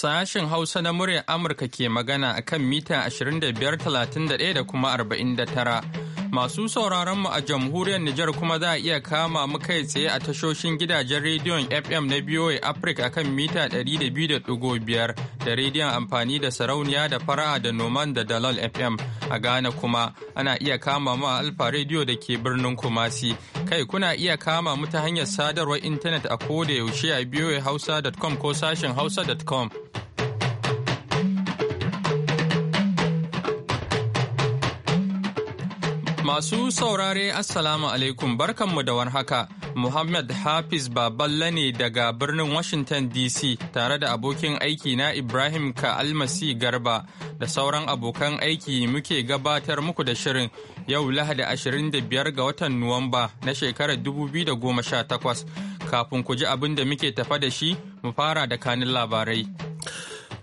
Sashen Hausa na muryar Amurka ke magana a kan mita 25, 31 da kuma 49. Masu sauraron mu a jamhuriyar Nijar kuma za a iya kama mu kai tsaye a tashoshin gidajen rediyon FM na BOA Africa akan mita 200.5 da rediyon amfani da sarauniya da fara'a da noman da dalal FM a Ghana kuma ana iya kama mu a Alfa Radio da ke birnin Kumasi. Kai kuna iya kama mu ta hanyar sadarwar intanet a koda yaushe a Hausa.com ko sashen hausa.com. Masu saurare Assalamu alaikum barkanmu da warhaka. Muhammad Hafiz Baballe ne daga birnin Washington DC tare da abokin aiki na Ibrahim ka Almasi Garba da sauran abokan aiki muke gabatar muku da shirin yau Lahadi 25 ga watan Nuwamba na shekarar 2018. Kafin ku ji abin da muke tafa da shi, mu fara da kanin labarai.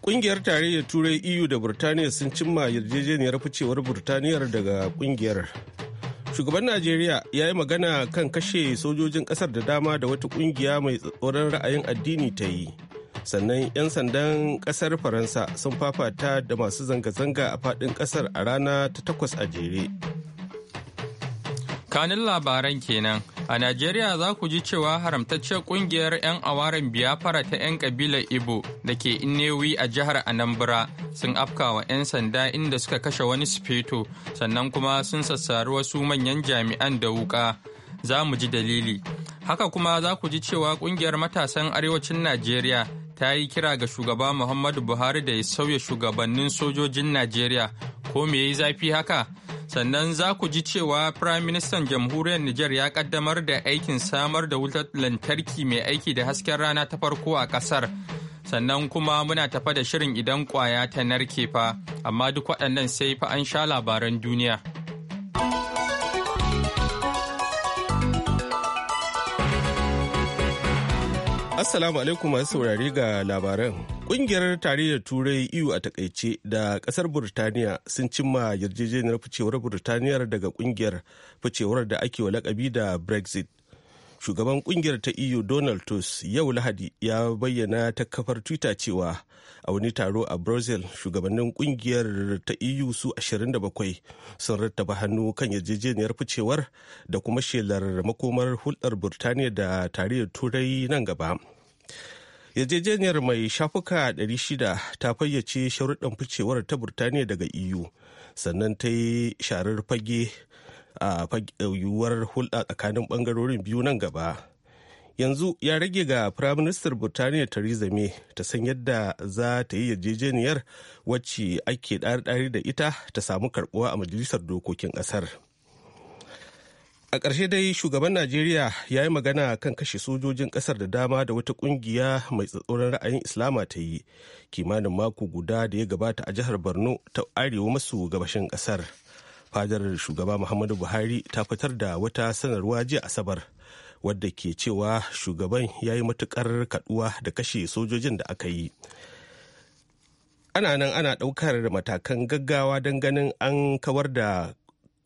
Kungiyar tarayyar Turai EU da Burtaniya sun cimma yarjejeniyar ficewar Burtaniyar daga kungiyar shugaban najeriya ya yi magana kan kashe sojojin kasar da dama da wata kungiya mai tsoron ra'ayin addini ta yi sannan 'yan sandan kasar faransa sun fafata da masu zanga-zanga a fadin kasar a rana ta takwas a jere kanin labaran kenan A Najeriya za ku ji cewa haramtaccen kungiyar 'yan awaren biyafara ta 'yan kabilar Ibo da ke Inewi a jihar Anambra sun afkawa 'yan sanda inda suka kashe wani sifeto sannan kuma sun sassari wasu manyan jami'an da wuka. Za mu ji dalili. Haka kuma za ku ji cewa kungiyar matasan arewacin Najeriya ta yi kira ga shugaba Muhammadu Buhari da ya sauya shugabannin sojojin Najeriya. Ko me yi zafi haka? sannan za ku ji cewa Prime Ministan Jamhuriyar Nijar ya kaddamar da aikin samar da wutar lantarki mai aiki da hasken rana ta farko a ƙasar. Sannan kuma muna tafa da shirin idan kwaya ta narke fa, amma duk waɗannan sai fa an sha labaran duniya. Assalamu alaikum masu saurari ga labaran. ƙungiyar tarayyar Turai EU a takaice da ƙasar Burtaniya sun cimma yarjejeniyar ficewar Burtaniyar daga ƙungiyar ficewar da ake wa lakabi da Brexit. Shugaban ƙungiyar ta EU Donald Tusk yau Lahadi ya bayyana ta kafar Twitter cewa a wani taro a Brazil shugabannin kungiyar ta EU su 27 sun rattaba hannu kan yarjejeniyar ficewar da kuma shelar makomar hulɗar Burtaniya da tarayyar Turai nan gaba. yarjejeniyar mai shafuka 600 ta fayyace sharuɗan ficewar ta burtaniya daga eu sannan ta yi sharar fage a yiwuwar hulɗa tsakanin ɓangarorin biyu nan gaba yanzu ya rage ga firaministar burtaniya theresa may ta san yadda za ta yi yarjejeniyar wacce ake ɗari da ita ta samu karɓuwa a majalisar dokokin ƙasar. a ƙarshe dai shugaban najeriya ya yi magana kan kashe sojojin ƙasar da dama da wata ƙungiya mai tsatsoron ra'ayin islama ta yi kimanin mako guda da ya gabata a jihar borno ta arewa maso gabashin ƙasar fadar shugaba muhammadu buhari ta fitar da wata sanarwa jiya asabar wadda ke cewa shugaban ya yi matukar kaɗuwa da kashe sojojin da aka yi ana nan ana ɗaukar matakan gaggawa don ganin an kawar da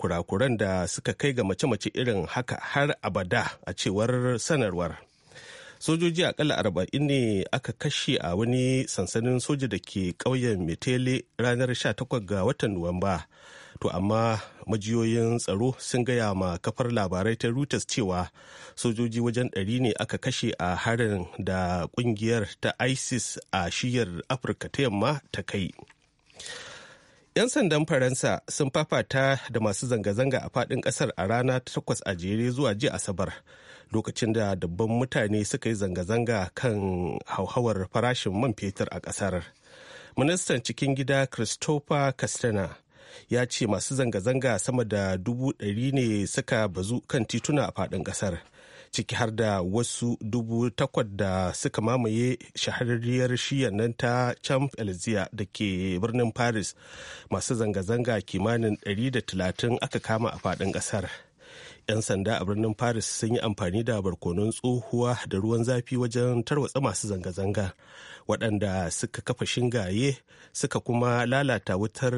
kurakuran da suka kai ga mace-mace irin haka har abada a cewar sanarwar sojoji a akalla arba'in ne aka kashe a wani sansanin soja da ke ƙauyen metele ranar 18 ga watan nuwamba to amma majiyoyin tsaro sun gaya ma kafar labarai ta reuters cewa sojoji wajen ɗari ne aka kashe a harin da ƙungiyar ta isis a shiyar afirka ta yamma ta kai 'Yan sandan Faransa sun fafata da masu zanga-zanga a faɗin ƙasar a rana ta takwas a jere zuwa jiya Asabar, lokacin da dabban mutane suka yi zanga-zanga kan hauhawar farashin man fetur a ƙasar. Ministan cikin gida Christopher Castana ya ce masu zanga-zanga sama da dubu ɗari ne suka bazu kan tituna a faɗin ƙasar. ciki har da wasu dubu takwas da suka mamaye shahararriyar shiyan nan ta champ elizia da ke birnin paris masu zanga-zanga kimanin 130 aka kama a faɗin ƙasar. 'yan sanda a birnin paris sun yi amfani da barkonon tsohuwa da ruwan zafi wajen tarwatsa masu zanga-zanga waɗanda suka kafa shingaye suka kuma lalata wutar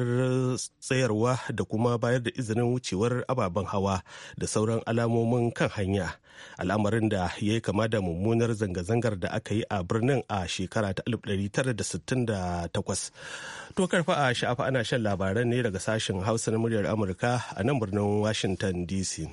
tsayarwa da kuma bayar da izinin wucewar ababen hawa da sauran alamomin kan hanya al'amarin da ya yi kama da mummunar zanga-zangar da aka yi a birnin a shekara ta 1968 to karfa a sha'afa ana shan labaran ne daga sashen hausa na muryar amurka a nan birnin washington dc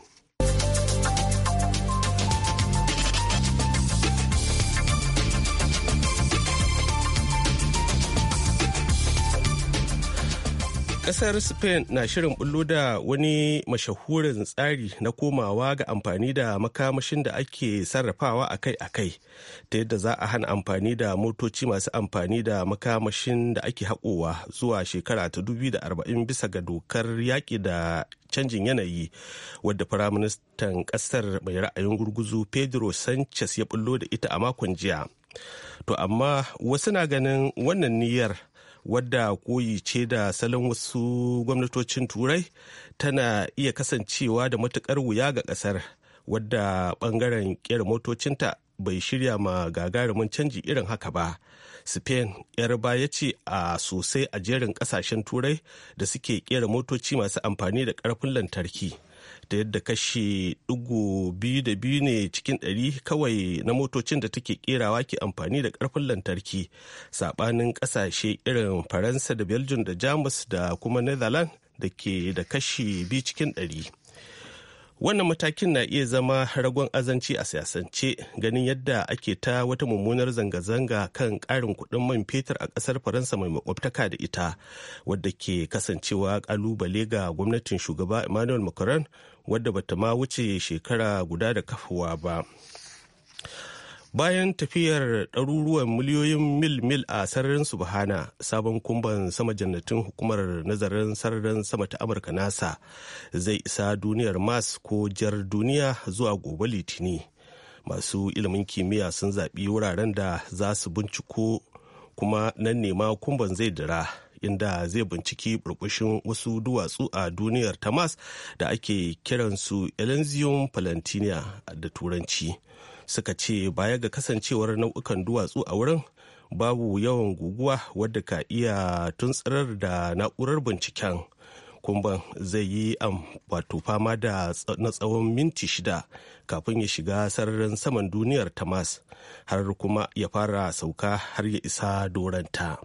Ƙasar Spain na shirin bullo da wani mashahurin tsari na komawa ga amfani da makamashin da ake sarrafawa akai-akai ta yadda za a hana amfani da motoci masu amfani da makamashin da ake haƙowa zuwa shekara ta dubi da arba'in bisa ga dokar yaƙi da canjin yanayi wadda firaministan ƙasar mai ra'ayin gurguzu Pedro Sanchez ya bullo da ita a makon jiya. To amma wasu na ganin wannan niyyar wadda koyi ce da salon wasu gwamnatocin turai tana iya kasancewa da matukar wuya ga kasar wadda bangaren kera motocinta bai shirya ma gagarumin canji irin haka ba spain yar baya ce a sosai a jerin kasashen turai da suke kera motoci masu amfani da karfin lantarki da yadda kashe digo biyu da biyu ne cikin ɗari kawai na motocin da take kerawa ke amfani da ƙarfin lantarki saɓanin ƙasashe irin faransa da belgium da jamus da kuma netherlands da ke da kashe biyu cikin ɗari. wannan matakin na iya zama ragon azanci a siyasance ganin yadda ake ta wata mummunar zanga-zanga kan karin kudin man fetur a kasar faransa mai makwabtaka da ita wadda ke kasancewa kalubale ga gwamnatin shugaba emmanuel macron wadda bata ma wuce shekara guda da kafawa ba bayan tafiyar ɗaruruwan miliyoyin mil-mil a sararin subhana sabon kumban sama jannatin hukumar nazarin sararin sama ta amurka nasa zai isa duniyar mars ko jar duniya zuwa gobe litini masu ilimin kimiyya sun zaɓi wuraren da za su binciko kuma nan ne kumban zai dira inda zai binciki burbushin wasu duwatsu a duniyar tamas da ake kiransu elenzium palantinia da turanci suka ce baya ga kasancewar nau'ukan duwatsu a wurin babu yawan guguwa wadda ka iya tuntsirar da na'urar binciken kumban zai yi wato fama da na tsawon minti shida kafin ya shiga sararin saman duniyar tamas har kuma ya fara sauka har ya isa doranta.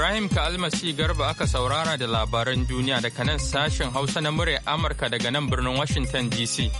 Ibrahim kalmasi Garba aka saurara da labaran duniya daga nan sashen Hausa na murya Amurka daga nan birnin Washington DC.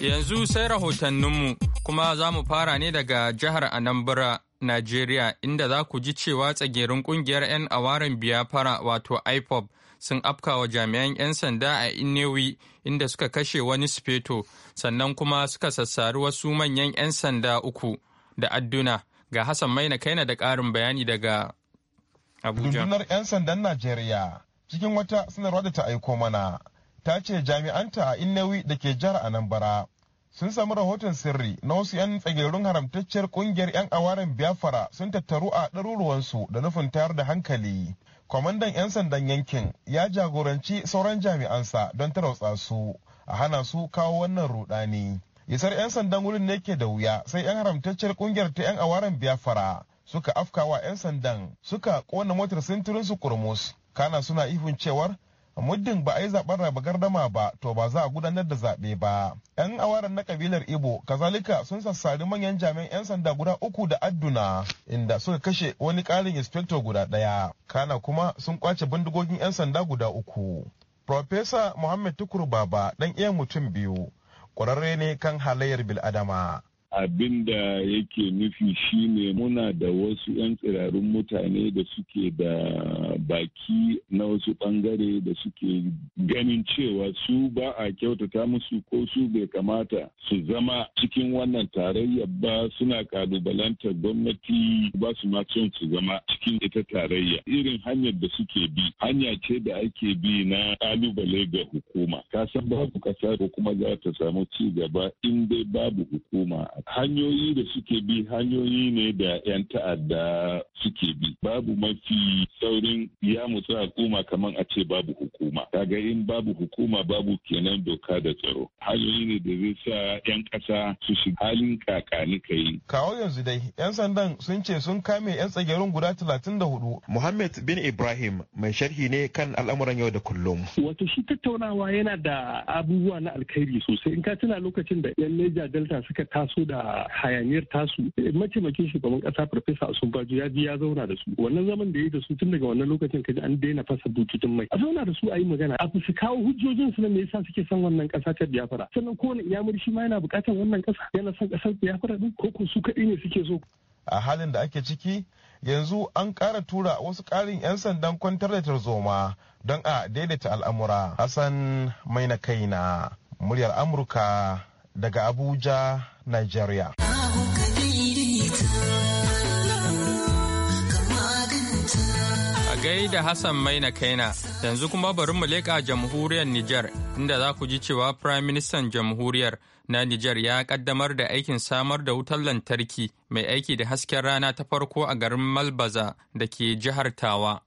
Yanzu sai rahotanninmu kuma za mu fara ne daga jihar Anambra, Najeriya, inda za ku ji cewa tsagerin kungiyar 'yan awaren biyafara wato ipop sun afkawa jami'an 'yan sanda a inewi inda suka kashe wani sufeto sannan kuma suka sassari wasu manyan 'yan sanda uku da adduna ga hassan maina kaina da karin bayani daga abuja rundunar 'yan sandan najeriya cikin wata sanarwa da ta aiko mana ta ce jami'anta a inewi da ke jihar anambra sun samu rahoton sirri na wasu 'yan tsagerun haramtacciyar kungiyar 'yan awaren biafra sun tattaru a ɗaruruwansu da nufin tayar da hankali kwamandan 'yan sandan yankin ya jagoranci sauran jami'ansa don tarautsa su a hana su kawo wannan rudani isar 'yan sandan wurin ne ke da wuya sai 'yan haramtacciyar kungiyar ta 'yan awaren biafra suka afkawa 'yan sandan suka kona motar sintirin su kurmus kana suna ihun cewar muddin ba a yi zaben raba gardama ba to ba za a gudanar da zaɓe ba yan awarar na kabilar ibo kazalika sun sassari manyan jami'an yan sanda guda uku da adduna inda suka kashe wani ƙarin inspector guda ɗaya kana kuma sun kwace bindigogin yan sanda guda uku Profesa Muhammad Tukur Baba ɗan iya mutum biyu, ƙwararre ne kan halayyar bil'adama. abin da yake nufi shine muna da wasu 'yan tsirarun mutane da suke da baki na wasu bangare da suke ganin cewa su ba a kyautata musu ko su bai kamata su zama cikin wannan tarayya ba suna kalubalantar gwamnati ba su ma son su zama cikin ita tarayya irin hanyar da suke bi hanya ce da ake bi na kalubale ga hukuma kasan babu kasa ko kuma za ta samu ci gaba in dai babu hukuma a hanyoyi da suke bi hanyoyi ne da 'yan ta'adda suke bi babu mafi saurin ya mutu hukuma kamar a ce babu hukuma kaga in babu hukuma babu kenan doka da tsaro hanyoyi ne da zai sa 'yan ƙasa su shiga halin kakani kai kawo yanzu dai 'yan sandan sun ce sun kame 'yan tsagerun guda 34 muhammad bin ibrahim mai sharhi ne kan al'amuran yau da kullum wato shi tattaunawa yana da abubuwa na alkhairi sosai in ka tuna lokacin da 'yan neja delta suka taso da da hayaniyar tasu eh, mataimakin shugaban kasa farfesa asunbaju ya ji ya zauna da su wannan zaman da ya yi da su tun daga wannan lokacin kaji an daina fasa bututun mai a zauna da su a yi magana a su kawo hujjojin su na me yasa suke son wannan kasa ta biyafara sannan kowane iyamuri shi ma yana bukatar wannan kasa yana son kasar biyafara din ko su kaɗai ne suke so a halin da ake ciki yanzu an ƙara tura wasu ƙarin 'yan sandan kwantar da tarzoma don a daidaita al'amura hassan mai na kaina muryar amurka daga Abuja, Nigeria. A gaida Hassan Maina Kaina, yanzu kuma bari mu leƙa jamhuriyar Nijar, inda za ku ji cewa Firayim Ministan Jamhuriyar na Nijar ya kaddamar da aikin samar da wutar lantarki mai aiki da hasken rana ta farko a garin Malbaza da ke jihar Tawa.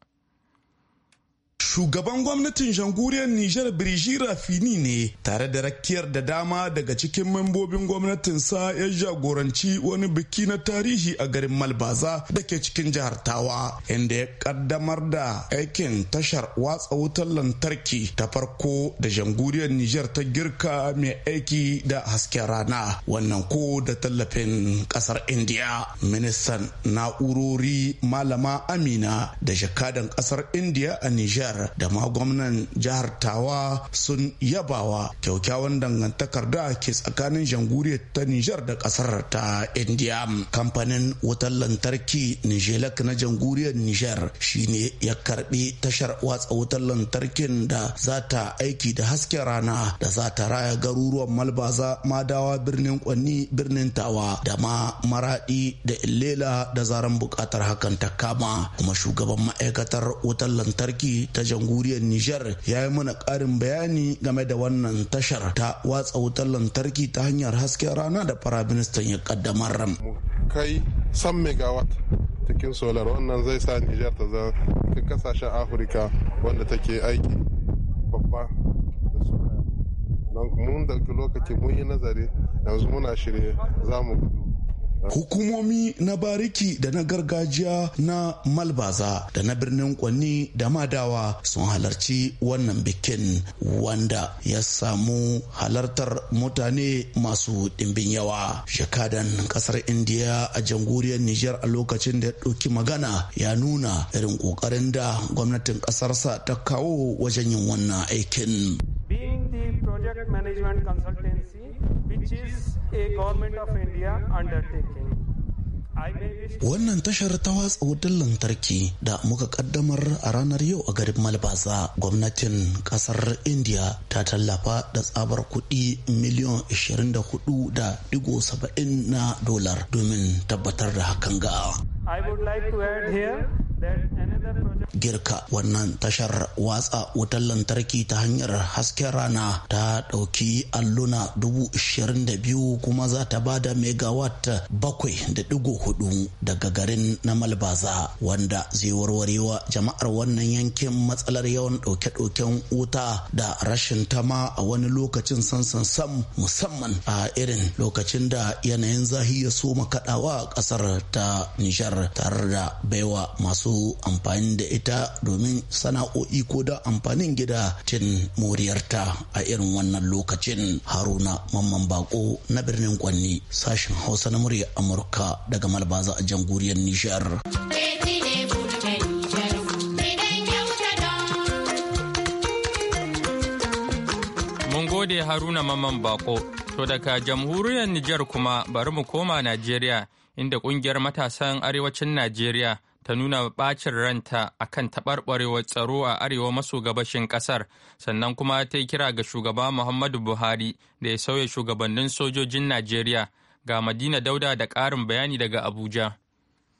Shugaban gwamnatin jamhuriyar Nijar Birji Rafini ne tare da rakiyar da dama daga cikin membobin gwamnatinsa ya jagoranci wani biki na tarihi a garin Malbaza da ke cikin jihar Tawa inda ya kaddamar da aikin tashar watsa wutar lantarki ta farko da jamhuriyar Nijar ta girka mai aiki da hasken rana wannan ko da tallafin kasar India. Ministan na'urori Malama Amina da jakadan kasar India a Nijar jihar da ma gwamnan jihar tawa sun yabawa kyaukyawan dangantakar da ke tsakanin janguri ta nijar da kasar ta india kamfanin wutar lantarki nijelak na janguriyar nijar shine ya karbi tashar watsa wutar lantarkin da za ta aiki da hasken rana da za ta raya garuruwan malbaza madawa birnin kwanni birnin tawa da ma maradi da illela da zaran bukatar hakan ta kama kuma shugaban ma'aikatar wutar lantarki ta ta jamhuriyar Nijar ya yi mana ƙarin bayani game da wannan tashar ta watsa wutar lantarki ta hanyar hasken rana da firaministan ya kaddamar ram. Kai san megawatt cikin solar wannan zai sa Nijar ta zama cikin kasashen Afirka wanda take aiki babba da solar. Mun ɗauki lokaci mun yi nazari yanzu muna shirye za mu gudu hukumomi na bariki da na gargajiya na malbaza da na birnin kwanni da madawa sun halarci wannan bikin wanda ya samu halartar mutane masu dimbin yawa jakadan kasar indiya a jamhuriyar niger a lokacin da ya ɗauki magana ya nuna irin ƙoƙarin da gwamnatin ƙasarsa ta kawo wajen yin wannan aikin Being the project management Wannan tashar ta watsa wutar lantarki da muka kaddamar a ranar yau a garin Malbasa, gwamnatin kasar India ta tallafa da tsabar kuɗi miliyan 24.70 na dolar domin tabbatar da hakan ga. I to add girka wannan tashar watsa wutar lantarki ta hanyar hasken rana ta ɗauki alluna dubu ishirin biyu kuma za ta ba da megawatt bakwai da digo hudu daga garin na malbaza wanda zai warwarewa jama'ar wannan yankin matsalar yawan ɗauke-ɗauken wuta da rashin tama a wani lokacin sansan sam musamman a irin lokacin da yanayin zahi ya kaɗawa a kasar ta nijar tare da baiwa masu amfani amfani da ita domin sana'o'i ko da amfanin gida cin moriyarta a irin wannan lokacin haruna mamman bako na birnin kwanni sashen hausa na murya amurka daga malbaza a jamhuriyar nishar mun gode haruna mamman bako to daga jamhuriyar nijar kuma bari mu koma najeriya inda kungiyar matasan arewacin najeriya ta nuna bacin ranta a kan taɓarɓarewar tsaro a arewa maso gabashin ƙasar sannan kuma ta yi kira ga shugaba muhammadu buhari da ya sauya shugabannin sojojin najeriya ga madina dauda da ƙarin bayani daga abuja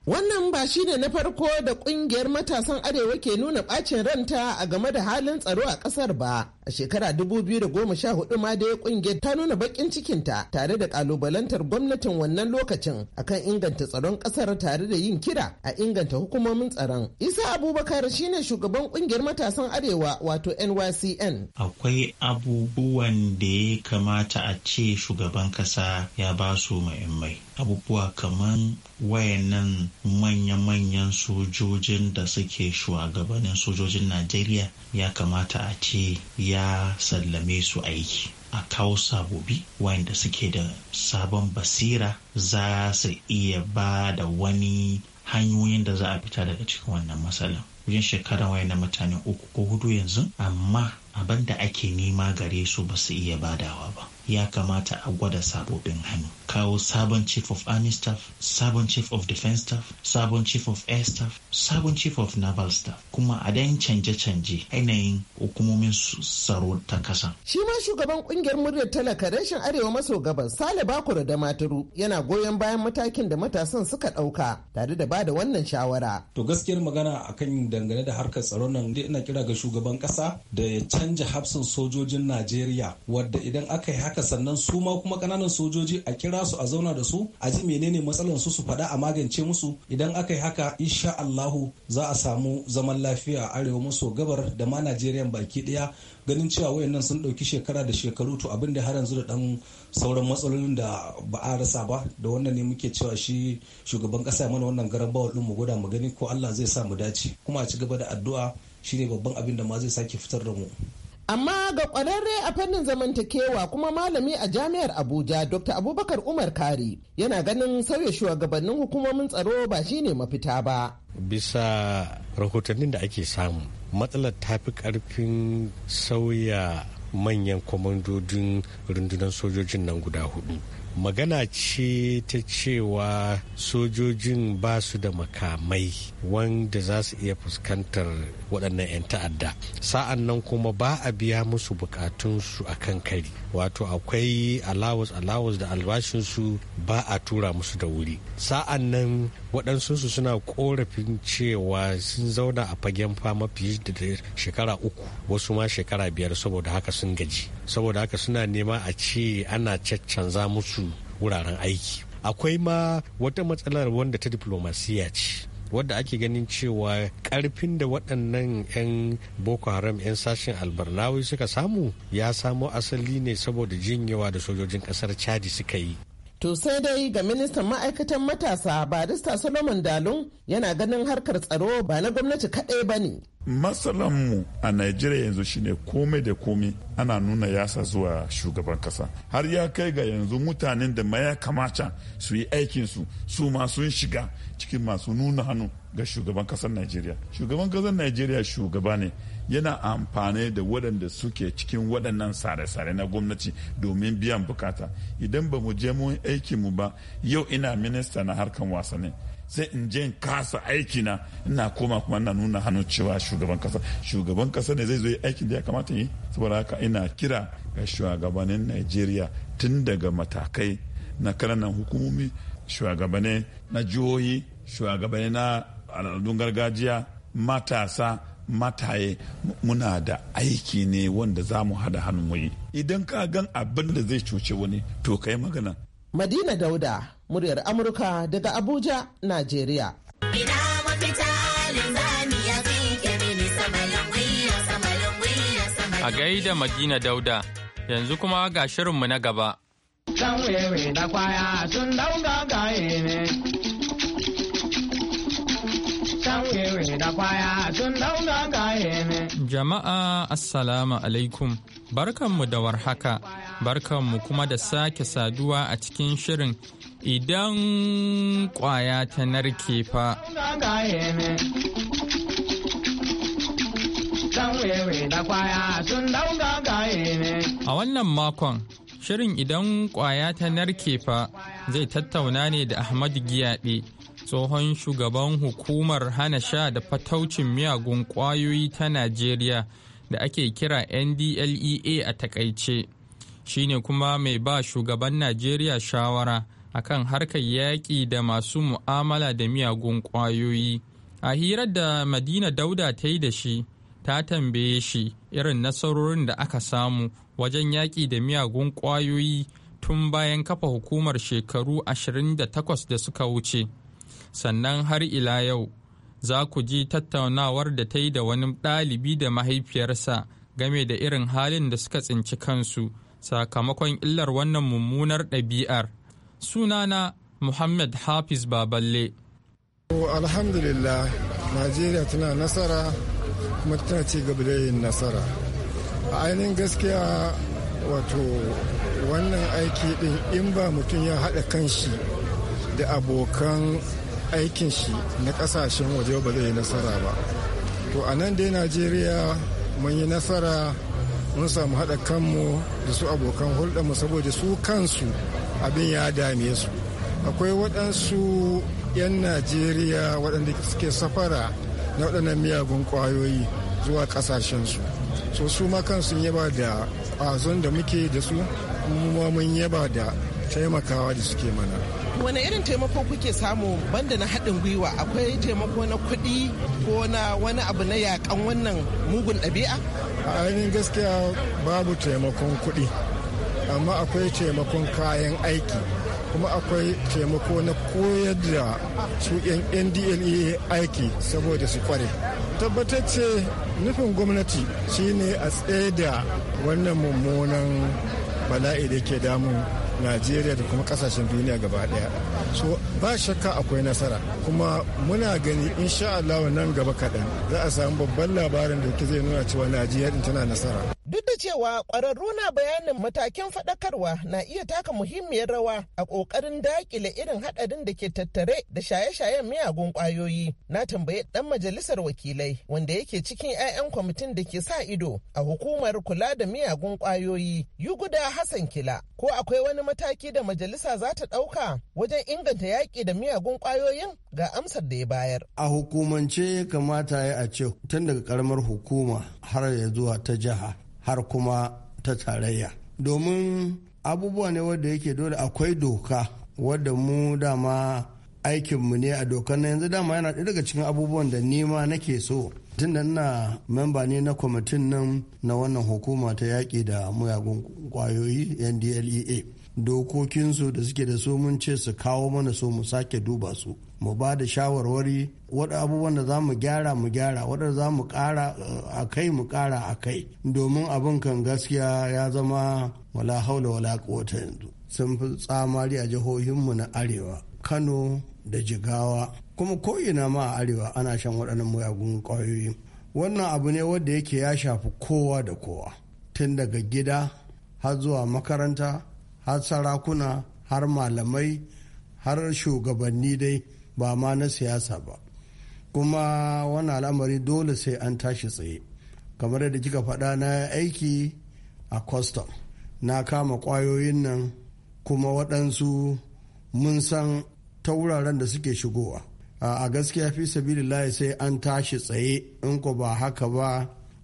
Wannan ba shi ne na farko da ƙungiyar matasan Arewa ke nuna ɓacin ranta a game da halin tsaro a ƙasar ba. a shekara 2014 ma da ya kungiyar ta nuna bakin cikinta tare da kalubalantar gwamnatin wannan lokacin akan inganta tsaron kasar tare da yin kira a inganta hukumomin tsaron. Isa Abubakar shine shugaban kungiyar matasan Arewa wato NYCN. Akwai abubuwan da ya kamata a ce shugaban kasa ya ba su maimai abubuwa kamar wayannan manya-manyan sojojin da suke shugabannin sojojin najeriya ya kamata a ce ya ya sallame su aiki a kawo sabobi wanda suke da sabon basira za su iya ba da wani hanyoyin da za a fita daga cikin wannan matsalar wajen shekara na mutane uku ko hudu yanzu amma abin da ake nema gare su ba su iya badawa ba ya kamata a gwada sabobin hannu kawo sabon chief of army staff sabon chief of defense staff sabon chief of air staff sabon chief of naval staff kuma a dayan canje-canje yanayin hukumomin tsaro ta kasa shi ma shugaban kungiyar muryar talaka reshen arewa maso gabas sale bakura da maturu yana goyon bayan matakin da matasan suka ɗauka, tare da bada wannan shawara to gaskiyar magana akan dangane da harkar tsaro nan dai ina kira ga shugaban kasa da ya canja hafsin sojojin najeriya wadda idan aka yi haka haka sannan su ma kuma kananan sojoji a kira su a zauna da su a ji menene matsalan su su faɗa a magance musu idan aka yi haka insha Allahu za a samu zaman lafiya a arewa maso gabar da ma Najeriya baki ɗaya ganin cewa wayannan sun ɗauki shekara da shekaru to abin da har yanzu da ɗan sauran matsalolin da ba a rasa ba da wannan ne muke cewa shi shugaban ƙasa mana wannan garan din ɗin mu gwada mu gani ko Allah zai sa mu dace kuma a ci gaba da addu'a shine babban abin da ma zai sake fitar da mu Amma ga kwararre a fannin zamantakewa kuma malami a jami'ar Abuja Dr. Abubakar Umar Kari yana ganin sauya shugabannin hukumomin tsaro ba shine mafita ba. Bisa rahotannin da ake samu, matsalar ta fi ƙarfin sauya manyan kwamandodin rundunar sojojin nan guda hudu. magana ce ta cewa sojojin ba su da makamai wanda za su iya fuskantar waɗannan 'yan ta'adda sa'an nan kuma ba a biya musu bukatunsu a kan kari wato akwai alawas alawas da albashinsu ba a tura musu da wuri sa'an nan su suna korafin cewa sun zauna a fagen fama fiye da shekara uku wasu ma shekara biyar saboda haka sun gaji saboda haka suna nema a ce ana caccanza musu wuraren aiki akwai ma wata matsalar wanda ta diplomasiya ce wadda ake ganin cewa karfin da waɗannan 'yan boko haram 'yan sashen albarnawi suka samu ya samo asali ne saboda jinyewa da sojojin ƙasar chadi suka yi To sai dai ga ministan ma'aikatan matasa barista Solomon Dalun yana ganin harkar tsaro ba na gwamnati kaɗai ba ne. Matsalan mu a Najeriya yanzu shine komai da komai ana nuna yasa zuwa shugaban kasa har ya kai ga yanzu mutanen da maya kamata su yi aikinsu su ma sun shiga cikin masu nuna hannu ga shugaban kasar Najeriya shugaban kasar Najeriya shugaba ne yana amfani da waɗanda suke cikin waɗannan sare-sare na gwamnati domin biyan bukata idan ba mu je mun mu ba yau ina minista na harkan wasanni sai in je in kasa aiki na ina koma kuma ina nuna hannu cewa shugaban kasa shugaban kasa ne zai zo aikin da ya kamata yi saboda haka ina kira ga shugabannin Najeriya tun daga matakai na kananan hukumomi shugabane na jihohi shugabane na al'adun gargajiya matasa mataye muna da aiki ne wanda za mu hada hannu yi idan ka gan abin da zai cuce wani to kai magana Madina Dauda, muryar Amurka daga Abuja, Najeriya. A gaida Madina Dauda, yanzu kuma ga shirinmu na gaba. Can wewe da kwaya sun dauga yi ne. Jama'a Assalamu alaikum, barkanmu da warhaka, barkanmu kuma da sake saduwa a cikin shirin idan kwaya ta narke fa. A wannan makon, shirin idan kwaya ta narke fa zai tattauna ne da Ahmadu Giyaɗe. tsohon shugaban hukumar hana sha da fataucin miyagun kwayoyi ta Najeriya da ake kira NDLEA a takaice. Shi ne kuma mai ba shugaban Najeriya shawara a kan harkar yaƙi da masu mu'amala da miyagun kwayoyi A hirar da Madina Dauda ta yi da shi, ta tambaye shi irin nasarorin da aka samu wajen yaƙi da miyagun kwayoyi tun bayan kafa hukumar shekaru 28 da suka wuce. sannan har ila yau za ku ji tattaunawar da ta yi da wani ɗalibi da mahaifiyarsa game da irin halin da suka tsinci kansu sakamakon illar wannan mummunar ɗabi'ar sunana muhammad hafiz baballe alhamdulillah najeriya tana nasara kuma tana ci gaba da yin nasara a ainihin gaskiya wato wannan aiki din in ba mutum ya haɗa kan shi. da abokan aikin shi na kasashen waje ba zai yi nasara ba to a nan dai najeriya mun yi nasara mun samu haɗa kanmu da su abokan mu saboda su kansu abin ya dame su akwai waɗansu 'yan najeriya waɗanda suke safara na waɗannan miyagun ƙwayoyi zuwa ƙasashensu so su ma kansu yaba da ƙwazon da muke da su kuma mun yaba da taimakawa da suke mana wani irin taimako kuke samu banda na haɗin gwiwa akwai taimako na kuɗi ko na wani abu na yakan wannan mugun ɗabi'a a ainihin gaskiya babu taimakon kuɗi amma akwai taimakon kayan aiki kuma akwai taimako na koyar da su yan ndle aiki saboda su kware ce nufin gwamnati shine a tsaye da wannan mummunan bala'i da ke damun najeriya da kuma kasashen duniya gaba daya so ba shakka akwai nasara kuma muna gani insha allahu nan gaba kaɗan za a samu babban labarin da ke zai nuna cewa najeriya tana nasara Duk da cewa kwararru na bayanin matakin faɗakarwa na iya taka muhimmiyar rawa a ƙoƙarin daƙile irin haɗarin da ke tattare da shaye-shayen miyagun ƙwayoyi. Na tambayi ɗan majalisar wakilai wanda yake cikin 'ya'yan kwamitin da ke sa ido a hukumar kula da miyagun ƙwayoyi Yuguda Hassan Kila. Ko akwai wani mataki da majalisa za ta ɗauka wajen inganta yaƙi da miyagun ƙwayoyin ga amsar da ya bayar. A hukumance kamata ya a ce tun daga ƙaramar hukuma har ya zuwa ta jiha har kuma ta tarayya domin abubuwa ne wadda yake dole akwai doka wadda mu dama aikinmu ne a dokar na yanzu dama yana ɗaya daga cikin abubuwan da nima nake so tun da ina memba ne na kwamitin nan na wannan hukuma ta yaƙi da muyagun ƙwayoyi ndlea dokokinsu da suke da su mun ce su kawo mana so mu sake duba su mu ba da shawarwari waɗa abubuwan da za mu gyara mu gyara wadda za mu ƙara eh, a kai mu ƙara a kai domin abin kan gaskiya ya zama wala haula wala ƙota yanzu sun fi tsamari a jihohinmu na arewa kano da jigawa kuma ko'ina ma a arewa ana shan waɗannan muyagun ƙwayoyi wannan abu ne wadda yake ya shafi kowa da kowa tun daga gida har zuwa makaranta har sarakuna har malamai har shugabanni dai ba ma na siyasa ba kuma wani al'amari dole sai an tashi tsaye kamar yadda kika faɗa na aiki a custom na kama ƙwayoyin nan kuma waɗansu mun san ta wuraren da suke shigowa a gaskiya fi sabilillahi sai an tashi tsaye in ko ba haka ba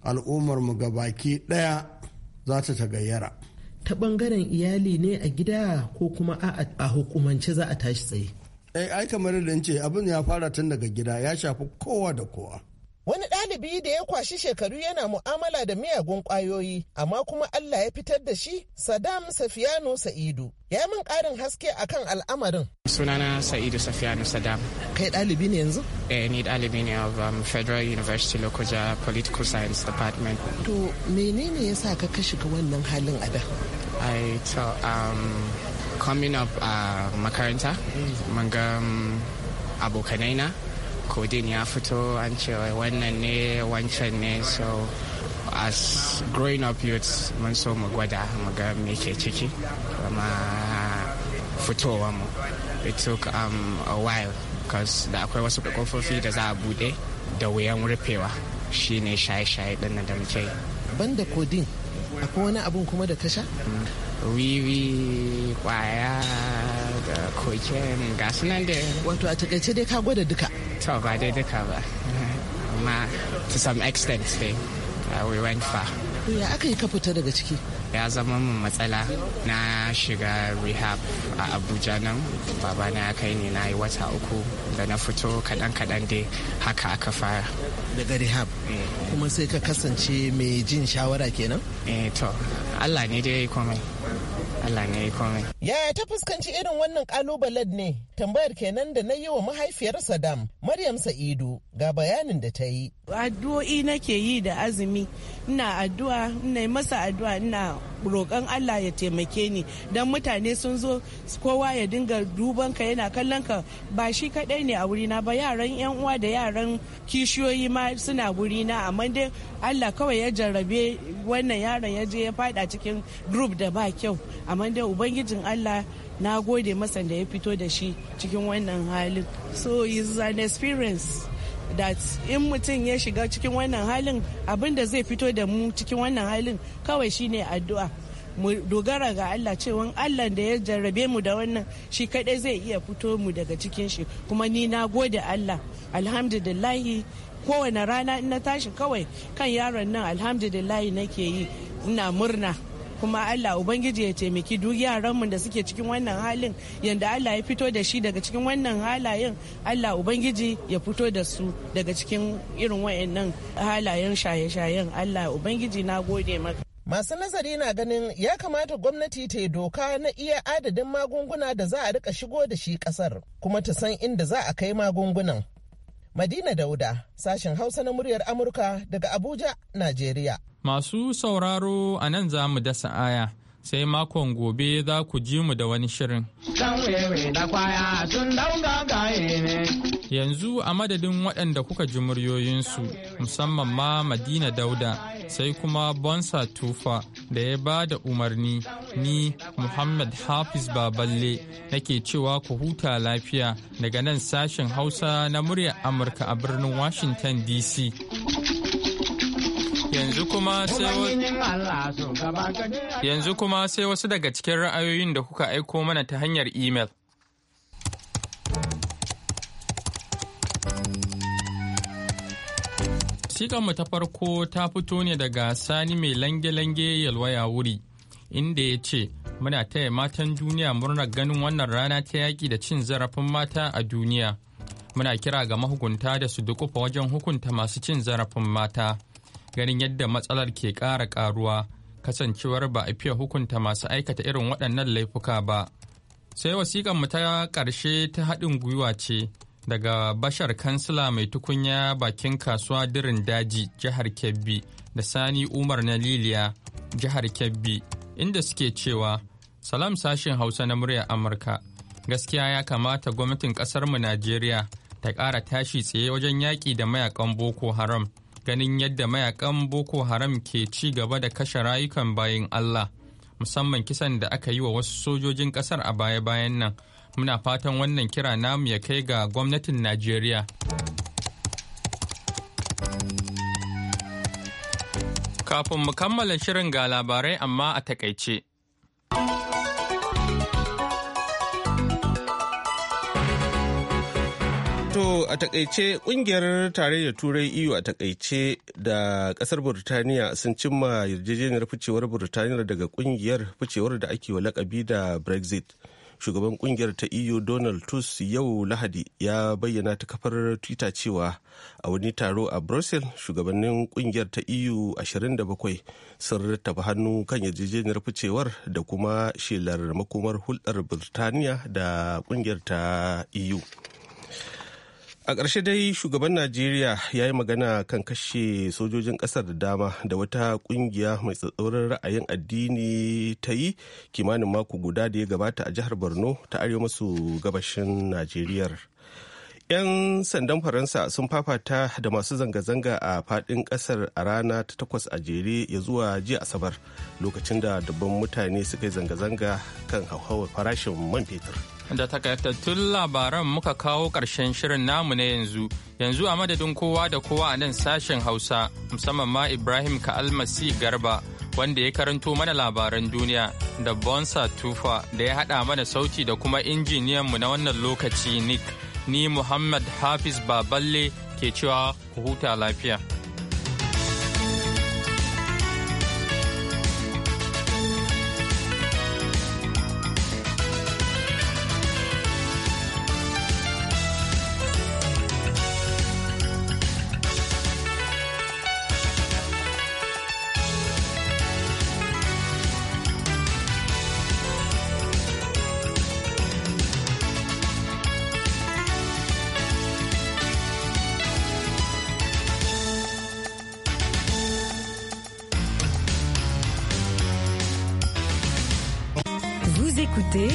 al'ummar mu baki ɗaya za ta ta gayyara. ta ɓangaren iyali ne a gida ko kuma a hukumance za a tashi tsaye Eh, ai kamar da ce abin ya fara tun daga gida ya shafi kowa da kowa Wani ɗalibi da ya kwashi shekaru yana mu'amala da miyagun ƙwayoyi, amma kuma Allah ya fitar da shi, Saddam Safiyanu Sa'idu. Ya yi min ƙarin haske akan al'amarin. Sunana Sa'idu Safiyanu Saddam. Kai ɗalibi ne yanzu? Eh, ni ɗalibi ne of um, Federal University Lokoja Political Science Department. To, menene ya sa ka kashe ka wannan halin a da? I to, um, coming up a uh, makaranta mun ga um, abokanai na kodin ya fito an ce wannan ne wancan ne so as growing up youths mun so mu gwada mu ga me ke ciki kuma fitowa mu it took um, a while because da akwai wasu kofofi da za a ah, bude da wuyan rufewa shine shaye-shaye din da muke banda kodin akwai wani abun kuma da kasha. wiwi kwaya da koken ga nan da wato a takaice dai ka gwada duka to ba dai duka ba amma to some extent dai uh, we went far ya aka yi ka fita daga ciki ya zama min matsala na shiga rehab a abuja nan babana ya kai ni na yi wata uku da na fito kaɗan kaɗan dai haka aka fara daga rehab kuma sai ka kasance mai jin shawara kenan? eh to Allah ne dai komai Allah ne komai yaya ta fuskanci irin wannan kalubalen ne Tambayar kenan da na yi wa mahaifiyar Saddam, Maryam Sa'idu, ga bayanin da ta yi. Addu'o'i nake yi da azumi, ina addu'a, ina masa addu'a, ina roƙon Allah ya taimake ni don mutane sun zo kowa ya dinga duban ka yana kallon ka ba shi kaɗai ne a wurina ba yaran yan uwa da yaran kishiyoyi ma suna wurina amma dai Allah kawai ya jarrabe wannan yaron ya je ya faɗa cikin group da ba kyau amma dai ubangijin Allah na gode masa da ya fito da shi cikin wannan halin so is an experience that in mutum ya shiga cikin wannan halin abin da zai fito da mu cikin wannan halin kawai shine addu'a mu dogara ga Allah cewa Allah da ya jarrabe mu da wannan shi kadai zai iya fito mu daga cikin shi kuma ni na gode Allah alhamdulillahi kowane rana in na tashi kawai kan yaron nan alhamdulillahi nake yi ina murna kuma Allah ubangiji ya taimaki duk yaran mu da suke cikin wannan halin yanda Allah ya fito da shi daga cikin wannan halayen Allah ubangiji ya fito da su daga cikin irin wayannan halayen shaye-shayen Allah ubangiji na gode maka Masu nazari na ganin ya kamata gwamnati ta yi doka na iya adadin magunguna da za a rika shigo da shi kasar kuma ta san inda za a kai magungunan. Madina Dauda, sashen Hausa na muryar Amurka daga Abuja, Najeriya. Masu sauraro a nan za mu dasa aya. sai makon gobe za ku ji mu da wani shirin. Yanzu a madadin waɗanda kuka ji muryoyinsu musamman ma Madina Dauda sai kuma Bonsa Tufa da ya ba da umarni ni Muhammad Hafiz Baballe nake cewa ku huta lafiya daga nan sashen Hausa na muryar Amurka a birnin Washington DC. Yanzu kuma sai wasu daga cikin ra'ayoyin da kuka aiko mana ta hanyar imel. mu ta farko ta fito ne daga sani mai lange-lange yalwaya wuri inda ya ce muna taya matan duniya murnar ganin wannan rana ta yaƙi da cin zarafin mata a duniya muna kira ga mahukunta da su dukufa wajen hukunta masu cin zarafin mata ganin yadda matsalar ke ƙara ƙaruwa kasancewar ba a fiye hukunta masu aikata irin waɗannan laifuka ba sai mu ta ƙarshe ta haɗin gwiwa ce daga bashar kansila mai tukunya bakin kasuwa dirin daji jihar kebbi da sani umar na liliya jihar kebbi inda suke cewa salam sashen hausa na muryar amurka gaskiya ya kamata gwamnatin ƙasarmu najeriya ta ƙara tashi tsaye wajen yaƙi da mayakan boko haram ganin yadda mayakan boko haram ke ci gaba da kashe rayukan bayan allah musamman kisan da aka yi wa wasu sojojin kasar a baya-bayan nan muna fatan wannan kira namu ya kai ga gwamnatin najeriya kafin mu kammala shirin ga labarai amma a takaice. To a takaice kungiyar tarayyar turai EU a takaice da kasar Burtaniya sun cimma yarjejeniyar ficewar Burtaniya daga kungiyar ficewar da ake wa lakabi da Brexit. Shugaban kungiyar ta EU Donald Tusk yau Lahadi ya bayyana ta kafar Twitter cewa a wani taro a Brussels shugabannin kungiyar ta EU 27 sun rattaba hannu kan yarjejeniyar ficewar da kuma shelar makomar hulɗar Burtaniya da kungiyar ta EU. a ƙarshe dai shugaban najeriya ya yi magana kan kashe sojojin ƙasar da dama da wata ƙungiya mai tsatsauran ra'ayin addini ta yi kimanin mako guda da ya gabata a jihar borno ta arewa masu gabashin najeriya 'yan sandan faransa sun fafata da masu zanga-zanga a faɗin ƙasar a rana ta takwas a jere ya zuwa jiya asabar lokacin da dabban mutane suka yi zanga-zanga kan hauhawar farashin man fetur. da takaitattun labaran muka kawo ƙarshen shirin namu na yanzu yanzu a madadin kowa da kowa a nan sashen hausa musamman ma ibrahim ka'almasi garba wanda ya karanto mana labaran duniya da bonsa tufa da ya haɗa mana sauti da kuma injiniyanmu na wannan lokaci nick ni muhammad hafiz baballe ke cewa ku huta lafiya